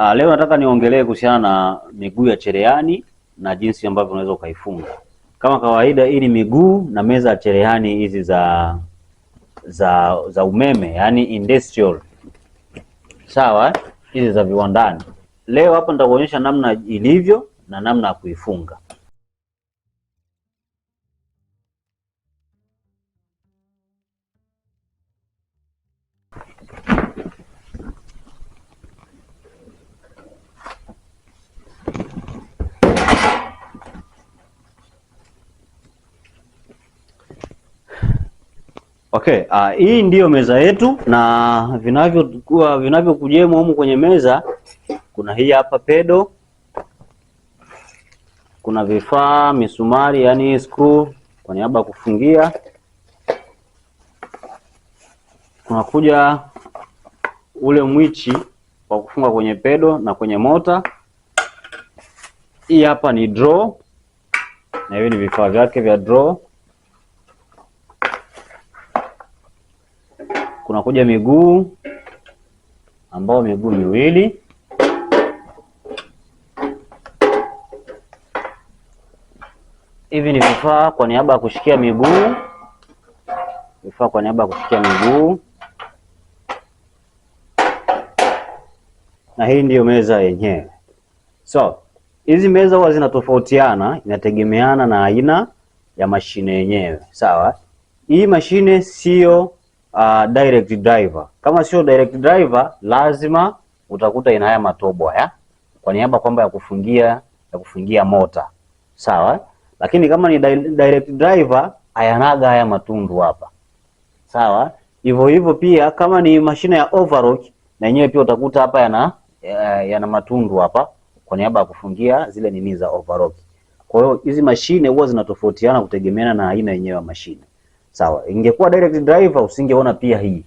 Uh, leo nataka niongelee kuhusiana na miguu ya cherehani na jinsi ambavyo unaweza ukaifunga. Kama kawaida, hii ni miguu na meza ya cherehani hizi za za za umeme, yani industrial. Sawa, hizi za viwandani. Leo hapa nitakuonyesha namna ilivyo na namna ya kuifunga. Okay, uh, hii ndiyo meza yetu na vinavyokuwa vinavyokujemo humu kwenye meza kuna hii hapa pedo, kuna vifaa, misumari yani screw kwa niaba ya kufungia, kunakuja ule mwichi wa kufunga kwenye pedo na kwenye mota. Hii hapa ni draw na hivi ni vifaa vyake vya draw kunakuja miguu ambao miguu miwili hivi ni vifaa kwa niaba ya kushikia miguu, vifaa kwa niaba ya kushikia miguu, na hii ndiyo meza yenyewe. So hizi meza huwa zinatofautiana, inategemeana na aina ya mashine yenyewe. Sawa, hii mashine sio uh, direct driver. Kama sio direct driver, lazima utakuta ina haya matobo haya kwa niaba kwamba ya kufungia ya kufungia mota sawa, lakini kama ni direct driver ayanaga haya matundu hapa sawa. Hivyo hivyo pia kama ni mashine ya overlock na yenyewe pia utakuta hapa yana eh, yana matundu hapa kwa niaba ya kufungia zile nini za overlock. Kwa hiyo hizi mashine huwa zinatofautiana kutegemeana na aina yenyewe ya mashine. Sawa, ingekuwa direct driver usingeona pia hii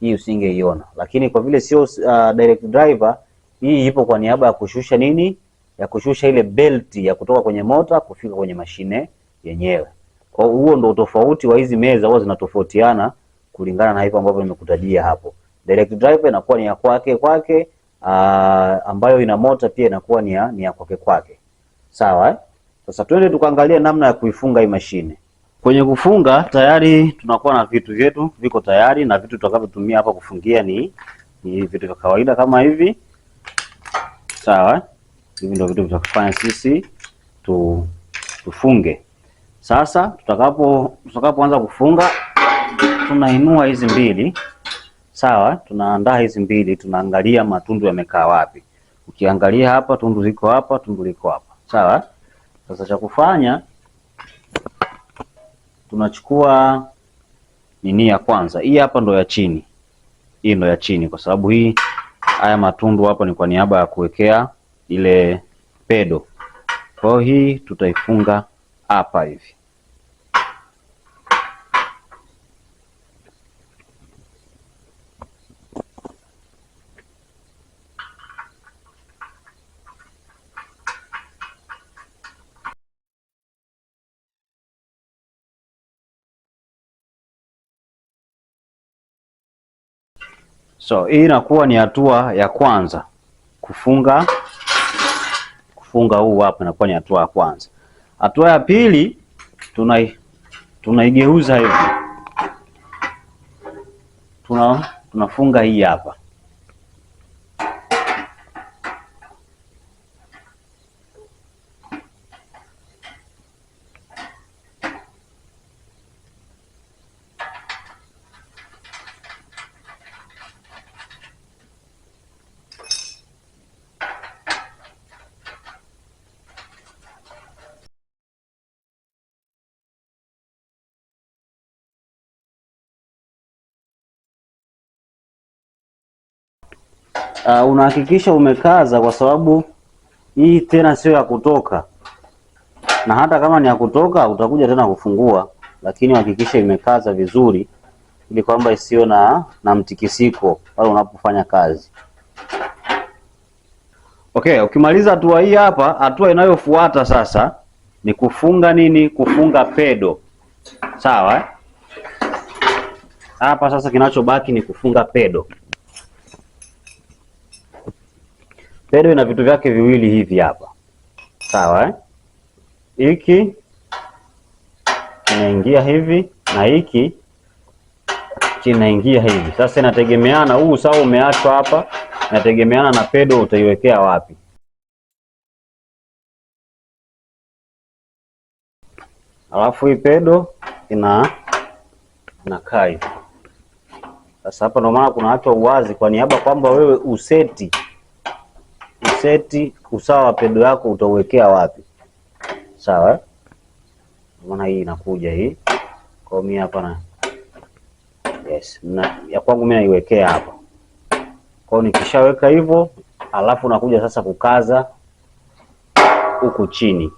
hii usingeiona, lakini kwa vile sio uh, direct driver, hii ipo kwa niaba ya kushusha nini, ya kushusha ile belt ya kutoka kwenye mota kufika kwenye mashine yenyewe. Kwa huo ndo utofauti wa hizi meza, huwa zinatofautiana kulingana na hivyo ambavyo nimekutajia hapo. Direct driver inakuwa ni ya kwake kwake, uh, ambayo ina mota pia inakuwa ni ya, ni ya kwake kwake. Sawa eh? Sasa twende tukaangalia namna ya kuifunga hii mashine. Kwenye kufunga tayari tunakuwa na vitu vyetu viko tayari, na vitu tutakavyotumia hapa kufungia ni, ni vitu vya kawaida kama hivi. Sawa, hivi ndio vitu vitakufanya sisi tu, tufunge. Sasa tutakapo tutakapoanza kufunga tunainua hizi mbili sawa, tunaandaa hizi mbili, tunaangalia matundu yamekaa wapi. Ukiangalia hapa tundu liko hapa, tundu liko hapa, sawa. Sasa cha kufanya tunachukua nini ya kwanza, hii hapa ndo ya chini, hii ndo ya chini, kwa sababu hii haya matundu hapa ni kwa niaba ya kuwekea ile pedo. Kwa hiyo hii tutaifunga hapa hivi. So hii inakuwa ni hatua ya kwanza kufunga kufunga huu hapa, inakuwa ni hatua ya kwanza. Hatua ya pili tuna tunaigeuza hivi, tuna tunafunga hii hapa uh, unahakikisha umekaza, kwa sababu hii tena sio ya kutoka, na hata kama ni ya kutoka utakuja tena kufungua, lakini uhakikisha imekaza vizuri, ili kwamba isiyo na, na mtikisiko pale unapofanya kazi. Okay, ukimaliza hatua hii hapa, hatua inayofuata sasa ni kufunga nini? Kufunga pedo, sawa eh? Hapa sasa kinachobaki ni kufunga pedo. Pedo ina vitu vyake viwili hivi hapa, sawa eh? Hiki kinaingia hivi na hiki kinaingia hivi. Sasa inategemeana huu sawa, umeachwa hapa, inategemeana na pedo utaiwekea wapi. Alafu hii pedo ina inakaa hivi. Sasa hapa ndio maana kunaachwa uwazi kwa niaba kwamba wewe useti seti usawa pedo yako utauwekea wapi? Sawa, maana hii inakuja hii kwa mimi hapa na yes, na ya kwangu mimi naiwekea hapa kwao. Nikishaweka hivyo, alafu nakuja sasa kukaza huku chini.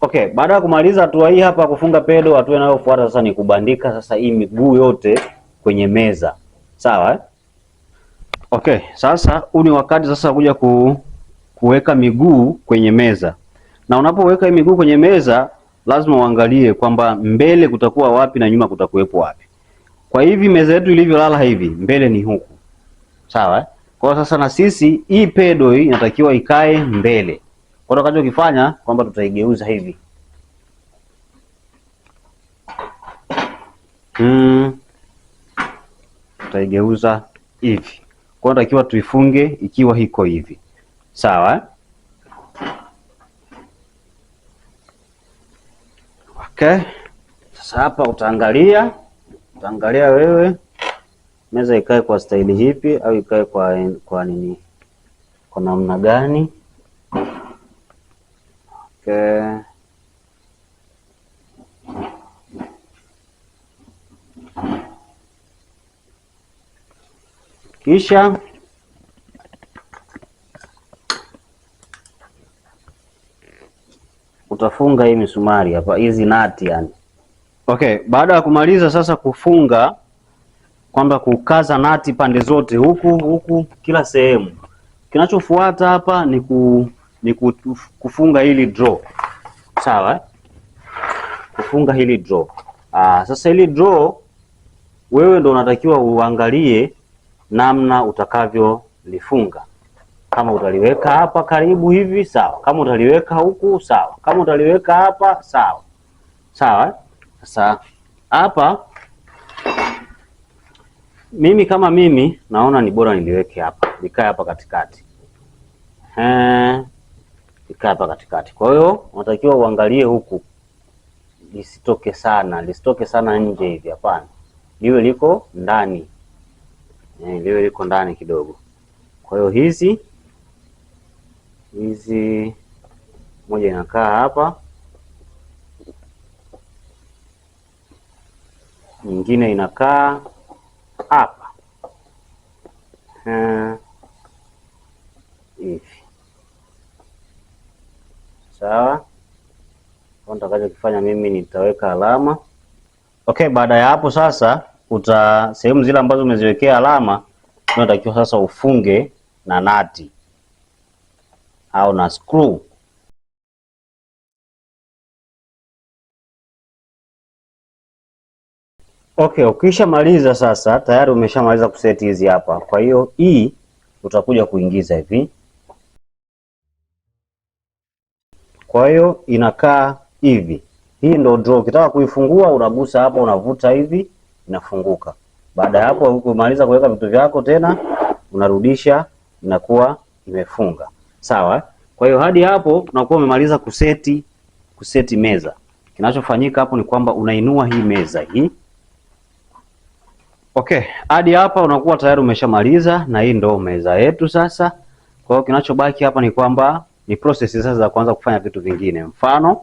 Okay, baada ya kumaliza hatua hii hapa kufunga pedo, hatua inayofuata sasa ni kubandika sasa hii miguu yote kwenye meza. Sawa? Okay, sasa huu ni wakati sasa kuja ku, kuweka miguu kwenye meza, na unapoweka miguu kwenye meza lazima uangalie kwamba mbele kutakuwa wapi na nyuma kutakuwepo wapi. Kwa hivi meza yetu ilivyolala hivi, mbele ni huku, sawa. Eh? Kwa sasa na sisi hii pedo hii inatakiwa ikae mbele. Kwa hiyo kifanya kwamba tutaigeuza hivi mm, tutaigeuza hivi kwa hiyo tuifunge ikiwa hiko hivi, sawa. Okay. Sasa hapa utaangalia, utaangalia wewe meza ikae kwa staili hipi au ikae kwa, kwa nini kwa namna gani? Okay. kisha utafunga hii misumari hapa, hizi nati yani. Okay, baada ya kumaliza sasa kufunga kwamba kukaza nati pande zote huku huku, kila sehemu, kinachofuata hapa ni, ku, ni kufunga hili draw, sawa Kufunga hili draw. Aa, ah, sasa hili draw wewe ndo unatakiwa uangalie namna utakavyolifunga. Kama utaliweka hapa karibu hivi sawa, kama utaliweka huku sawa, kama utaliweka hapa sawa sawa. Eh? Sasa hapa mimi kama mimi naona ni bora niliweke hapa, nikae hapa katikati, nikae hapa katikati. Kwa hiyo unatakiwa uangalie huku lisitoke sana, lisitoke sana nje hivi, hapana, liwe liko ndani ndio iko ndani kidogo. Kwa hiyo hizi hizi moja inakaa hapa, nyingine inakaa hapa eh, hivi, sawa. kifanya mimi nitaweka alama. Okay, baada ya hapo sasa uta sehemu zile ambazo umeziwekea alama unatakiwa sasa ufunge na nati au na screw. Okay, ukishamaliza sasa tayari umeshamaliza kuseti hizi hapa. Kwa hiyo hii e utakuja kuingiza hivi. Kwa hiyo inakaa hivi. Hii ndio draw. Ukitaka kuifungua unagusa hapa, unavuta hivi inafunguka. Baada ya hapo kumaliza kuweka vitu vyako tena unarudisha inakuwa imefunga. Sawa? Kwa hiyo hadi hapo unakuwa umemaliza kuseti kuseti meza. Kinachofanyika hapo ni kwamba unainua hii meza hii. Okay, hadi hapa unakuwa tayari umeshamaliza na hii ndo meza yetu sasa. Kwa hiyo kinachobaki hapa ni kwamba ni process sasa za kuanza kufanya vitu vingine. Mfano,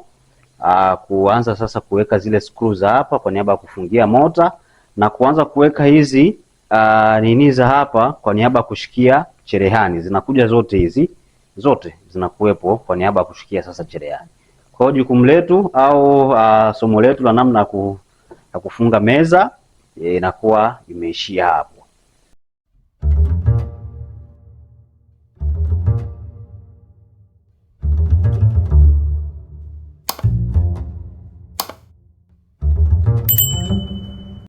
aa, ah, kuanza sasa kuweka zile screws hapa kwa niaba ya kufungia mota na kuanza kuweka hizi uh, nini za hapa kwa niaba ya kushikia cherehani, zinakuja zote hizi, zote zinakuwepo kwa niaba ya kushikia sasa cherehani. Kwa hiyo jukumu letu au uh, somo letu la namna ya kufunga meza eh, inakuwa imeishia hapo.